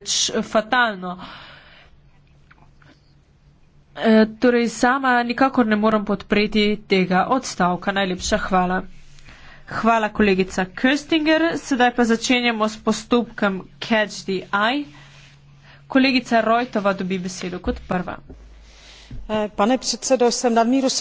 pač eh, fatalno. E, torej sama nikakor ne moram podpreti tega odstavka. Najlepša hvala. Hvala kolegica Köstinger. Sedaj pa začenjamo s postopkom Catch the Eye. Kolegica Rojtova dobi besedo kot prva. Eh, pane predsedo,